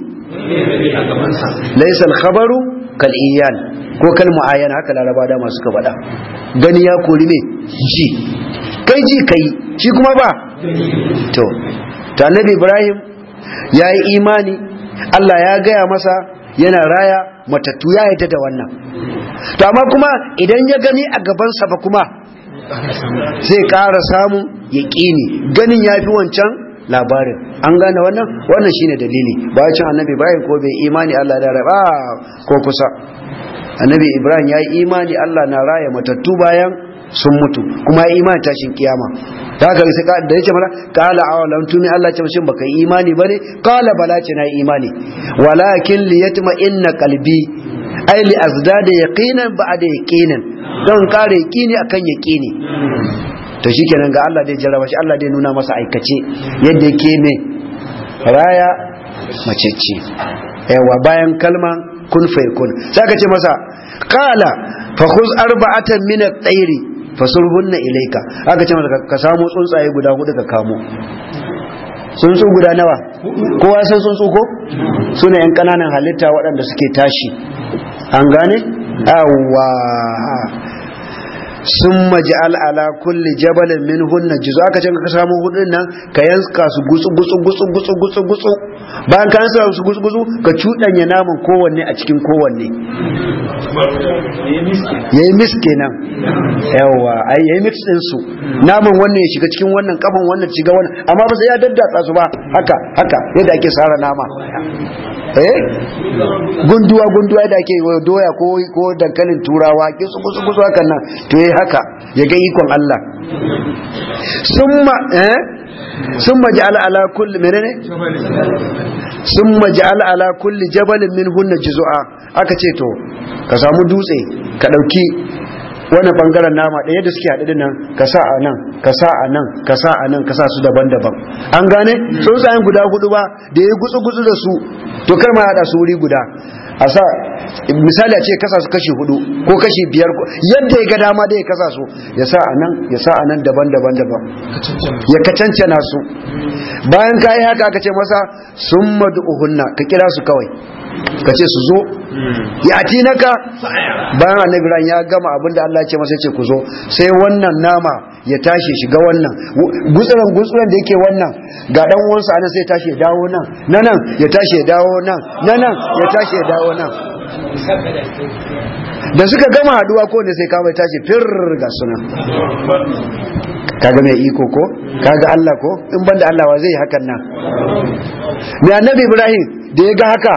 laisal khabaru kal iyan ko kal muayyan haka laraba da masu ka faɗa gani ya kori ne ji kai ji kai shi kuma ba to ta nabi ibrahim ya yi imani allah ya gaya masa yana raya matattu ya yi ta da wannan to amma kuma idan ya gani a gabansa ba kuma zai ƙara samu ya ganin ya fi wancan labarin an gane wannan wannan shine dalili Ba cin annabi bayan ko bai imani Allah da raba ko kusa annabi ibrahim ya yi imani Allah na raya matattu bayan sun mutu kuma ya imani tashin kiyama ta haka sai da yace mana qala awalam tuni Allah ce mushin baka imani bane qala bala ce na imani walakin liyatma inna qalbi ai li azdada yaqinan ba'da yaqinan don kare yaqini akan yaqini to shikenan ga Allah dai jarraba shi Allah dai nuna masa aikace yadda yake ne raya macece yawa bayan kalma kun fayakun sai ka ce masa qala fa khuz arba'atan min at-tayri fasurhunna ilayka aka ce masa ka samu tsuntsaye guda hudu ka kamo tsuntsu guda nawa kowa san tsuntsu ko suna yan kananan halitta waɗanda suke tashi an gane mm. awa sun maji ala kulli jabalin min hunna jizo aka can ka samu hudun nan ka yanka su gutsu gutsu gutsu gutsu gutsu gutsu bayan ka yanka su gutsu gutsu ka cudanya naman kowanne a cikin kowanne yayi mix kenan yawa ai yayi mix din su naman wannan ya shiga cikin wannan kafan wannan shiga wannan amma ba sai ya daddatsa su ba haka haka yadda ake sara nama eh gunduwa gunduwa yadda ake doya ko ko dankalin turawa kisu kusu kusu hakan nan to yayi eh, haka ya ga ikon Allah summa eh summa ja'ala ala kulli menene summa ja'ala ala kulli jabalin minhunna juz'a aka ce to ka samu dutse ka dauki wani bangaren nama ɗaya da suke hadu nan ka sa a nan ka sa a nan ka sa a nan ka sa su daban-daban an gane tsuntsayen guda hudu ba da ya gutsu-gutsu da su to kar ma haɗa su wuri guda a sa misali a ce kasa su kashi hudu ko kashi biyar yadda ya ga dama da ya kasa su ya sa anan ya sa anan daban-daban daban ya kacancana su bayan ka yi haka aka ce masa sun madu uhunna ka kira su kawai ka ce su zo hmm. ya tinaka bayan annabi ran ya gama abinda Allah ya ce masa ce ku zo sai wannan nama ya tashi shiga wannan gutsuran gutsuran da yake wannan ga dan uwansa anan sai tashi ya dawo nan nan ya tashi ya dawo nan nan ya tashi ya dawo nan da suka gama haduwa ko ne sai kawai tashi fir ga sunan kaga mai iko ko kaga Allah ko in banda Allah wa zai hakan nan mai annabi Ibrahim da ya ga haka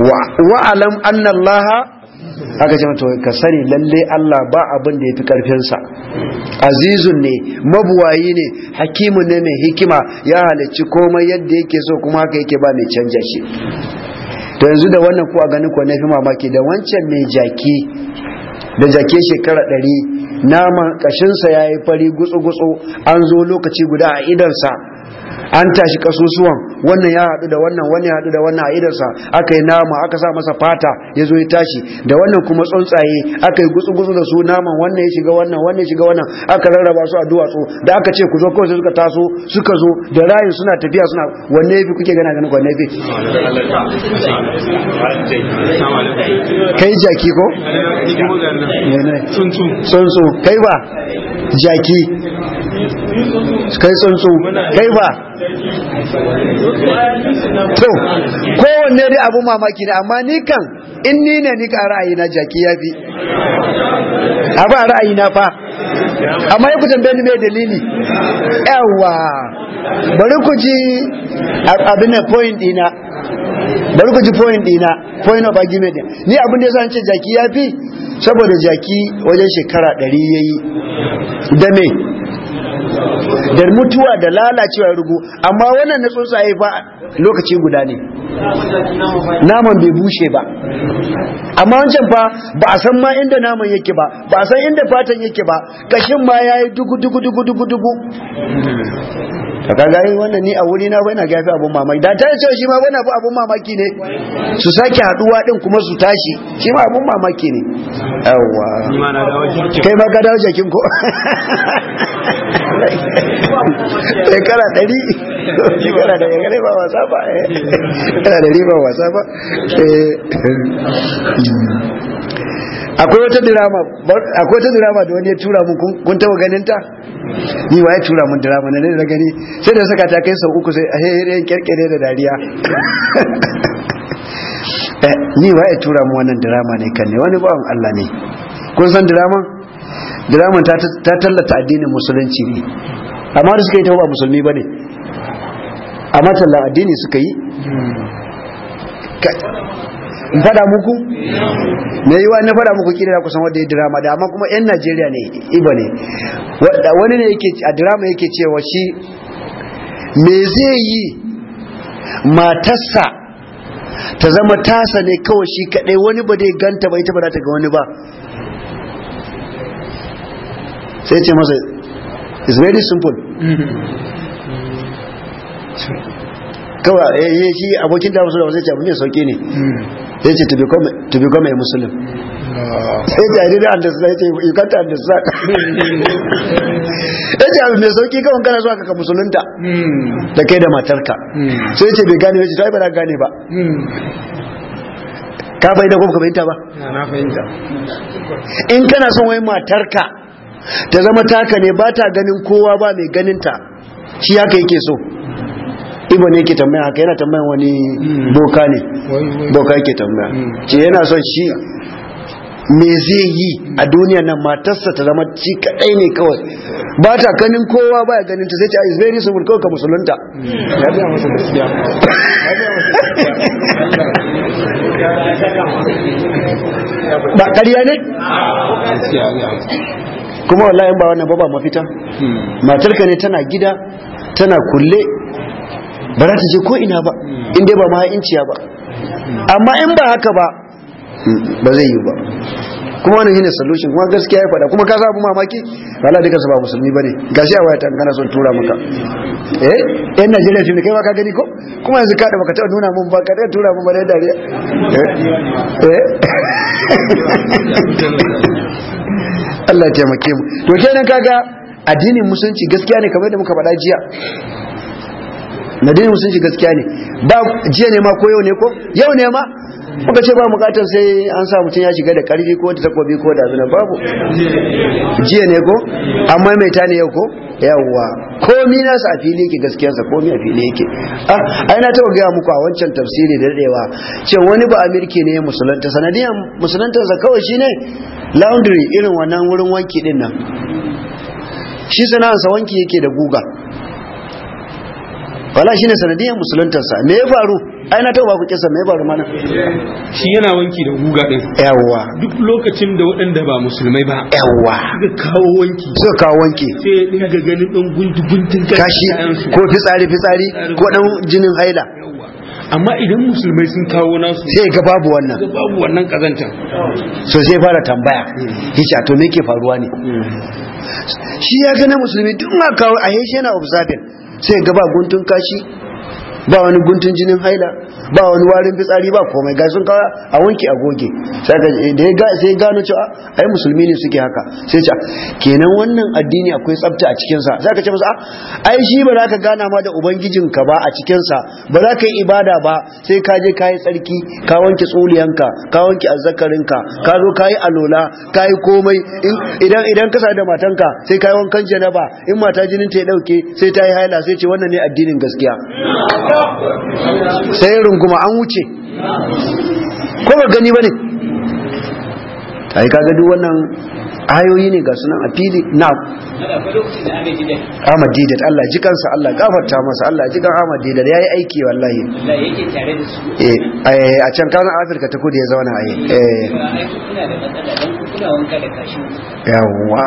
wa'alam annan laha? aka ce mata ka sani lalle Allah ba abin da ya karfin sa azizun ne mabuwayi ne Hakimu ne mai hikima ya halicci komai yadda yake so kuma haka yake ba mai canja shi to yanzu da wannan kuwa ganin ko nafi mamaki da wancan mai jaki da jake shekara ɗari naman ƙashinsa ya yi fari gutsu-gutsu an zo lokaci guda a idarsa an tashi kasusuwan wannan ya haɗu da wannan wani haɗu da wannan a idarsa aka yi nama aka sa masa fata ya zo ya tashi da wannan kuma tsuntsaye aka yi gutsu-gutsu da su naman wannan ya shiga wannan wannan ya shiga wannan aka rarraba su a duwatsu da aka ce ku zo kawai suka taso suka zo da rayin suna tafiya suna wanne yafi kuke gana ganin wanne yafi kai jaki ko tsuntsu kai ba jaki kai tsuntsu kai ba to kowanne dai abu mamaki ne amma ni kan in ni ne ni ka ra'ayi na jaki ya fi a ba ra'ayi na fa amma ya ku tambaye ni mai dalili yawa bari ku ji abin na point dina bari ku ji point dina point of argument ni abin da yasa ce jaki ya fi saboda jaki wajen shekara 100 yayi da me da mutuwa da lalacewa rugu amma wannan na tsuntsaye fa lokaci guda ne naman bai bushe ba amma wancan fa ba a san ma inda naman yake ba ba a san inda fatan yake ba kashin ma ya yi dugu dugu dugu dugu dugu to kaga ai eh, wannan ni a wuri na bana gafi abun mamaki da ta ce shi ma wani abu abun mamaki ne su sake haduwa din kuma su tashi shi ma abun mamaki ne yawa kai ma ka dawo jakin ko shekara ɗari shekara da ya ba wasa ba yana da riba wasa ba akwai wata dirama akwai wata dirama da wani ya tura mun kun taɓa ganin ta ni ya tura mun dirama na ne da gani sai da saka ta kai sau uku sai a heheren eh, eh, kyarkere da dariya eh, ni ya tura mun wannan dirama ne kan ne wani bawan Allah ne kun san dirama diraman ta tallata addinin musulunci ne amma da suka yi ta ba musulmi ba ne amma tallan addini suka yi in fada muku me yiwa na fada muku kira kusan wanda ya dirama da amma kuma yan Najeriya ne iba ne wani ne yake a dirama yake cewa shi me zai yi matarsa ta zama tasa ne kawai shi kadai wani ba dai ganta ba ita ba za ta ga wani ba sai ce masa it's very simple kawai eh, eh shi abokin da musulun zai ce abu ne sauki ne zai ce to become a muslim sai ce i didn't understand ce you can't understand sai ce abu mai sauki kawai kana zuwa kaka musulunta da kai da matarka sai ce bai gane wace to ai ba na gane ba ka fahimta ko ka fahimta ba in kana son wai matarka ta zama taka ne ba ta ganin kowa ba mai ganinta shi haka yake so ibo ne yake tambaya haka yana tambayan wani doka hmm. ne doka yake tambaya hmm. ce yana son shi me zai yi a duniya na matarsa ta zama ci kadai ne kawai ba ta kanin kowa ba ya ganin ta sai ta a very simple kawai ka musulunta hmm. ba ƙarya ne kuma wallahi ba wannan ba mafita ka ne tana gida tana kulle ba za ta je ko ina ba in dai ba ma inciya ba amma in ba haka ba ba zai yi ba kuma wannan shine solution kuma gaskiya ya fada kuma ka samu mamaki wallahi duka ba musulmi bane gashi a wayata kana son tura maka eh yan Najeriya tun kai ma ka gani ko kuma yanzu ka da baka taɓa nuna mun ba ka da tura mun ba da dariya eh, eh? Allah ya taimake mu to kenan kaga addinin musulunci gaskiya ne kamar da muka faɗa jiya Na addinin musulunci gaskiya ne ba jiya ne ma ko yau ne ko yau ne ma kuka ce ba bukatar sai an sa mutum ya shiga da karfi ko da takobi ko da zuna babu jiya ne ko amma mai ta ne yau ko yawwa komi na a fili yake gaskiyarsa komi a fili yake A ah, ina taba gaya muku a wancan tafsiri da daɗewa ce wani ba amirki ne musulunta sanadiyar sa kawai shine laundry irin wannan wurin wanki din nan shi sa wanki yake da guga wala shine sanadiyar musuluntarsa me ya faru ai na taba ku kisa me ya faru mana shi yana wanki da guga din yawa duk lokacin da waɗanda ba musulmai ba yawa ga kawo wanki suka kawo wanki sai dinga ganin dan guntu guntun kashi ko fitsari fitsari ko dan jinin haila amma idan musulmai sun kawo nasu sai ga babu wannan ga babu wannan kazanta so sai fara tambaya yace to me yake faruwa ne hmm. shi ya ga na musulmi duk ma kawo a yashi yana observing sai ga ba guntun kashi ba wani guntun jinin haila ba wani warin fitsari ba komai ga sun kawo a wanki a goge sai gano cewa yi musulmi ne suke haka sai ce kenan wannan addini akwai tsafta a cikinsa za ka ce masa a? shi ba za ka gana ma da ubangijinka ba a cikinsa ba za ka yi ibada ba sai ka je ka yi tsarki ka wanke tsuliyanka ka wanke azzakarinka ka zo ka yi alola ka yi komai idan idan ka da matanka sai ka yi wankan janaba in mata jinin ta ya dauke sai ta yi haila sai ce wannan ne addinin gaskiya sai runguma an wuce ko ba gani ba ne ta yi kaga duk wannan ayoyi ne ga sunan a fili na Ahmad Allah ji kansa Allah gafarta masa Allah ji kan Ahmad ya yayi aiki wallahi eh, eh a can kana Afirka ta kudu ya zauna a eh, eh. yawa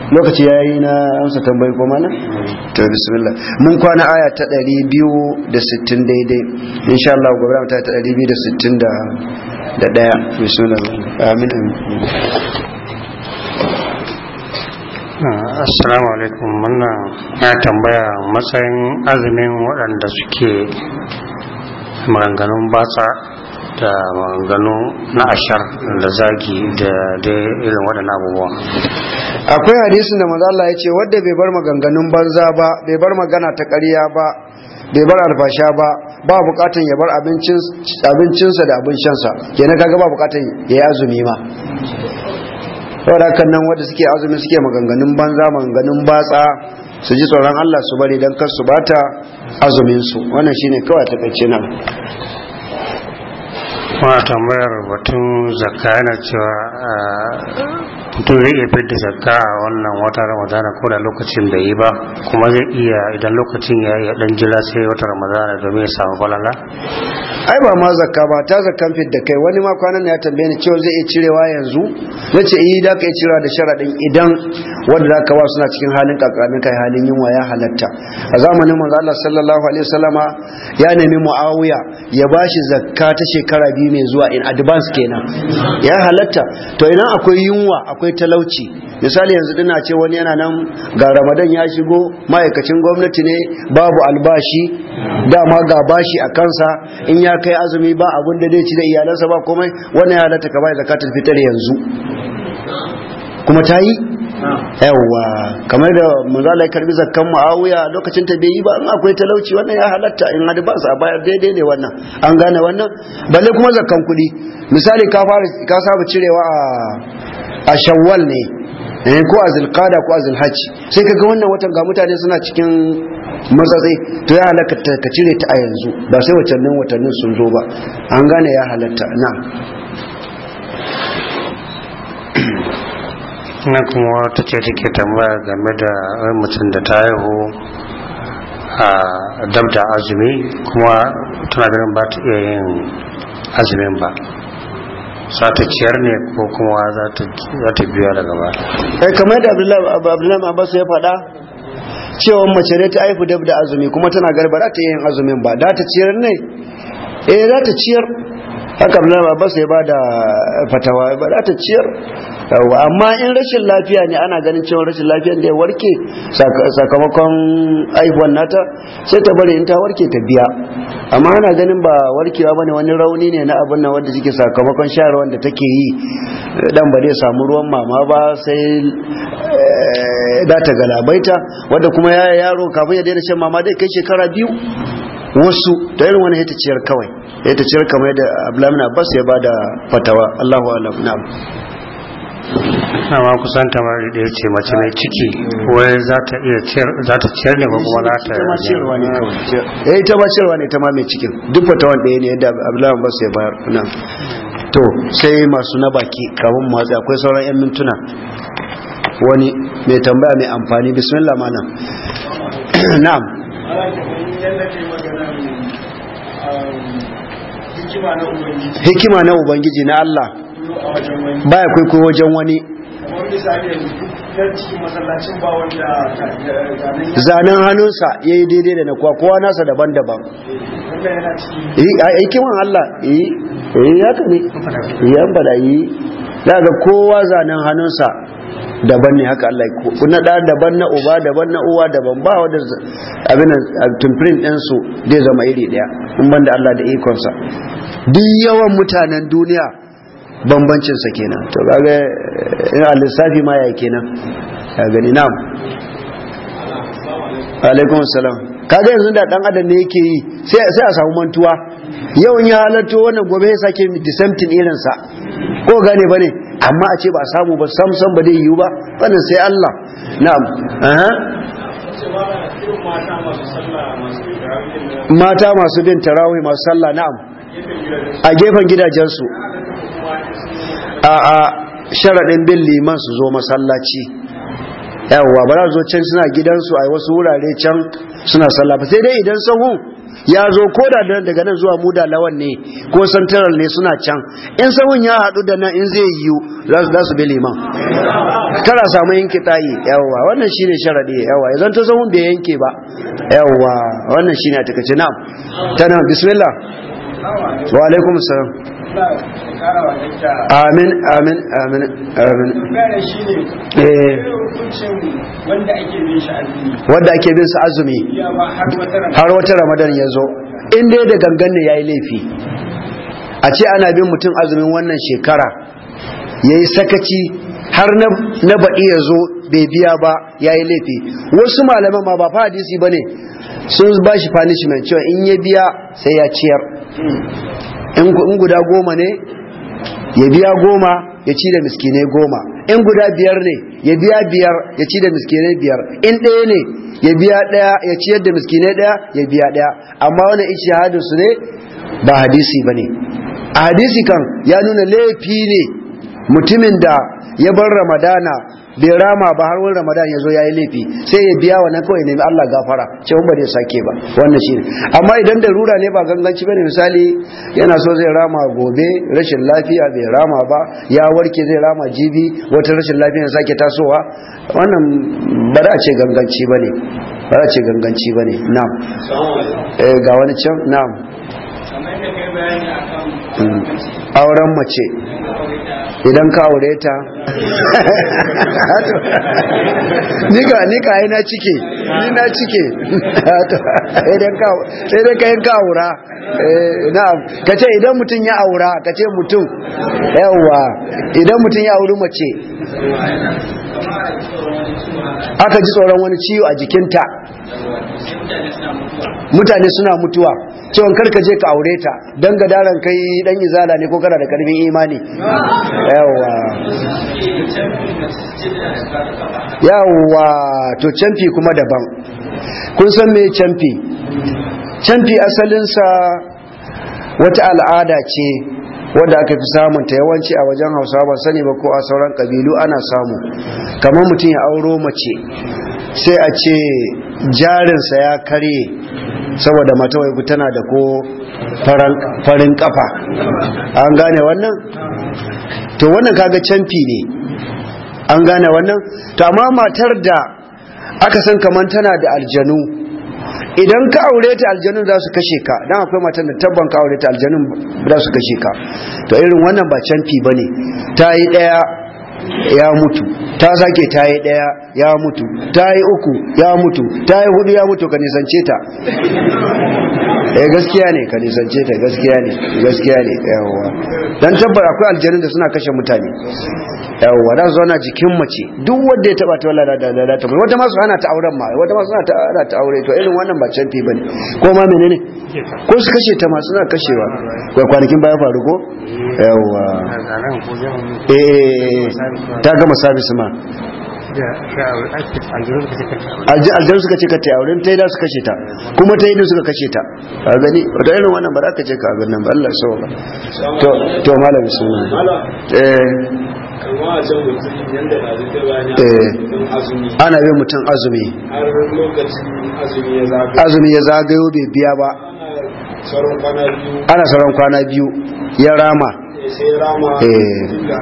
lokaci ya yi na amsa tambayi ko mana to bismillah mun kwana aya ta 260 daidai insha Allah gobe mu ta 260 da da daya bismillah amin ah, assalamu alaikum muna ya tambaya matsayin azumin waɗanda suke maganganun batsa ta maganganu na ashar da zagi da irin waɗannan abubuwa akwai hadisin da manzo Allah ya ce wanda bai bar maganganun banza ba bai bar magana ta ƙarya ba bai bar albasha ba ba bukatan ya bar abincinsa da abin shansa kenan kaga ba bukatan ya yi azumi ma saboda kan nan wanda suke azumi suke maganganun banza maganganun batsa su ji tsoron Allah su bari don kar su bata azuminsu, wannan shine kawai takaice nan wata mayar batun zakka yana cewa ah, mutum zai iya fidda zakka a wannan wata ramadana ko da lokacin bai yi ba kuma zai iya idan lokacin ya yi dan jira sai wata ramadana domin ya samu falala ai ba ma zakka ba ta zakkan fidda kai wani ma kwanan ya tambaye ni cewa zai iya cirewa yanzu na ce yi eh, da ka iya cirewa da sharaɗin idan wanda za ka ba suna cikin halin kakamin kai halin yunwa ya halatta a zamanin manzo Allah sallallahu alaihi wasallama ya nemi muawiya ya bashi zakka ta shekara biyu mai zuwa in advance kenan ya halatta to idan akwai yunwa akwai akwai talauci misali yanzu dina ce wani yana nan ga ramadan ya shigo ma'aikacin gwamnati ne babu albashi dama ga bashi a kansa in ya kai azumi ba abin da zai ci da iyalansa ba komai wannan ya halatta ka bai zakatul fitar yanzu kuma ta yi yawwa kamar da manzala karbi zakkan muawiya lokacin ta bai yi ba in akwai talauci wannan ya halatta in hadu ba a bayar daidai ne wannan an gane wannan balle kuma zakkan kuɗi misali ka fara ka saba cirewa a a shawwal ne eh, ko a zilkada ko a zilhaj sai kaga wannan watan ga mutane suna cikin matsatsai to ya halatta ka cire ta a yanzu ba sai watannin watannin sun zo ba an gane ya halatta na na kuma wata ce take tambaya game da mutum da ta haihu a dabda azumi kuma tana ganin ba ta iya yin azumin ba za ta ciyar ne ko kuma za ta biya daga ba kai eh, kamar da abdullahi abbas ya faɗa cewa mace ne ta aifu dab da azumi kuma tana garbara ta yin azumin ba da ta ciyar ne eh za ta ciyar haka abdullahi abbas ya ba da fatawa ba za ta ciyar yawa amma in rashin lafiya ne ana ganin cewa rashin lafiyan da ya warke sakamakon aihuwan nata sai ta bari in ta warke ta biya amma ana ganin ba warkewa bane wani rauni ne na abin nan wanda suke sakamakon shayarwa da take yi dan ba zai samu ruwan mama ba sai da eh, ta galabaita wanda kuma ya yaro kafin ya daina shan mama dai kai shekara biyu wasu da irin wani hitaciyar kawai hitaciyar kamar yadda abdullahi abbas ya ba da fatawa allahu alam na'am dama kusan tamari da ce mace mai ciki wai za ta iya za ta ciyar ne kuma za ta ita ma ciyarwa ne kawai eh, ita ma ciyarwa ne ita ma mai cikin duk wata wanda ya ne yadda abdullahi ba su ya bayar nan to sai masu na baki kawun matsi akwai sauran yan mintuna wani mai tambaya mai amfani bismillah mana na'am hikima na ubangiji na Allah baya kwaikwayo wajen wani zanen hannunsa ya yi daidai da na kwakwa nasa daban-daban wani eh, Allah yi ya kame yan bada yi daga kowa zanen hannunsa daban ne haka Allah na da daban na uba daban na uwa daban ba wadda abin tumfirin ɗansu zai zama iri ɗaya in banda Allah da ikonsa duk yawan mutanen duniya bambancinsa kenan to kaga in eh, a lissafi ma ya kenan ya gani na'am alaikum salam kaga yanzu da dan adam ne yake yi sai a samu mantuwa in ya halatto wannan gobe ya sake irin irinsa ko gane bane amma a ce ba samu ba sam sam ba dai yiwu ba wannan sai Allah na'am aha mata masu bin tarawih masu sallah na'am a gefen gidajensu a'a sharaɗin bin liman su zo masallaci yawwa ba za zo can suna gidansu a wasu wurare can suna sallah ba sai dai idan sahu ya zo ko da daga nan zuwa muda lawan ne ko santaral ne suna can in sahun ya haɗu da nan in zai yiwu za su bi liman kara samu yanke tayi yawwa wannan shine sharaɗi. yawwa ya ta sahun bai yanke ba yawwa wannan shine a takaice na'am tana bismillah wa alaikum salam amin amin amin amin eh. wanda ake bin su azumi har wata ramadan ya zo in dai da gangan ne ya yi laifi a ce ana bin mutum azumin wannan shekara ya yi sakaci har na baɗi ya zo bai biya ba ya yi laifi wasu malaman ma ba fa hadisi ba ne sun ba shi punishment cewa in ya biya sai ya ciyar hmm. in guda goma ne ya biya goma ya ci da miskinai goma in guda biyar ne ya biya biyar ya ci da miskinai biyar in ɗaya ne ya biya ɗaya ya ci da miskinai ɗaya ya biya ɗaya amma wannan hadin su ne ba hadisi ba ne a hadisi kan ya nuna laifi ne mutumin da ya bar ramadana bai rama ba har wani ramadan ya zo ya yi laifi sai ya biya wannan kawai nemi Allah gafara ce ba zai sake ba wannan shi amma idan da rura ne ba ganganci bane misali yana so zai rama gobe rashin lafiya bai rama ba ya warke zai rama jibi wata rashin lafiya sake tasowa wannan ba za a ce ganganci bane ba za a ce ganganci bane na'am eh, ga wani can na'am kamar kai bayani akan hmm. auren mace idan ka aure ta nika nika aina ciki. ni na cike sai dai kayan ka aura eh, ka ce idan mutum ya aura ka ce mutum yawa idan mutum ya auri mace aka ji tsoron wani ciwo a jikinta mutane suna mutuwa cewon karka je ka aure ta don gadaran kai dan izala ne ko kara da karfin imani yawa yawa to canfi kuma daban can kun san me canfi canfi asalinsa wata al'ada ce wadda aka fi samunta yawanci a wajen hausa ba sani ba ko a sauran kabilu ana samu kamar mutum ya auro mace sai a ce jarinsa ya karye saboda matawaiku tana da ko farin kafa an gane wannan to wannan kaga canfi ne an gane wannan to amma matar da aka san kaman tana da aljanu idan ka aure ta aljanun za su kashe ka dan akwai matan da tabban ka aure ta aljanu za su kashe ka to irin wannan ba canfi bane ta yi daya ya mutu ta sake ta yi daya ya mutu ta yi uku ya mutu ta yi hudu ya mutu ka nisance ta eh gaskiya ne ka nisance ta gaskiya ne gaskiya ne yawwa dan tabbar akwai aljanun da suna kashe mutane yawwa dan zauna jikin mace duk wanda ya taba ta wallahi da da da wata masu ana ta auren ma wata masu ta ana ta aure to irin wannan ba canfi bane ko ma menene ko su kashe ta masu suna kashewa kai kwanakin baya faru ko yawwa eh, eh, eh, eh ta gama service ma aljanu suka ce ka ta auren ta da suka kashe ta kuma ta ido suka kashe ta a gani da irin wannan ba za ka ce ka abin nan ba Allah sau ba to malam su ana bin mutum azumi azumi ya zagayo bai biya ba ana sauran kwana biyu ya rama eh,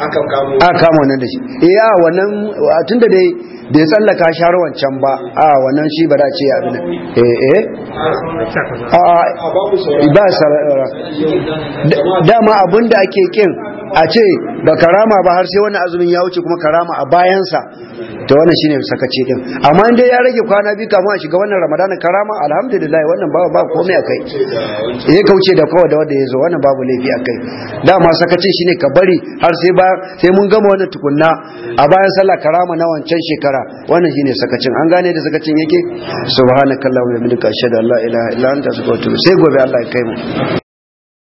A kama wannan da shi iya eh, wannan tun da dai bai tsallaka sharuwan wancan ba a wannan shi ba da ce ya abin eh eh a ba saurara dama abinda ake kin a ce ba karama ba har sai wani azumin ya wuce kuma karama a bayansa ta wannan shine sakaci din amma inda ya rage kwana biyu kamar a shiga wannan ramadanin karama alhamdulillah wannan babu ba komai akai ya eh, kauce da kowa da wanda ya zo wannan babu laifi akai dama sakaci shine ka bari har sai ba sai mun gama wannan tukunna a bayan sallah karama na wancan shekara wannan shine sakacin an gane da sakacin yake subhanakallahumma wa bihamdika ashhadu an la ilaha illa anta astaghfiruka wa atubu sai gobe Allah ya kai mu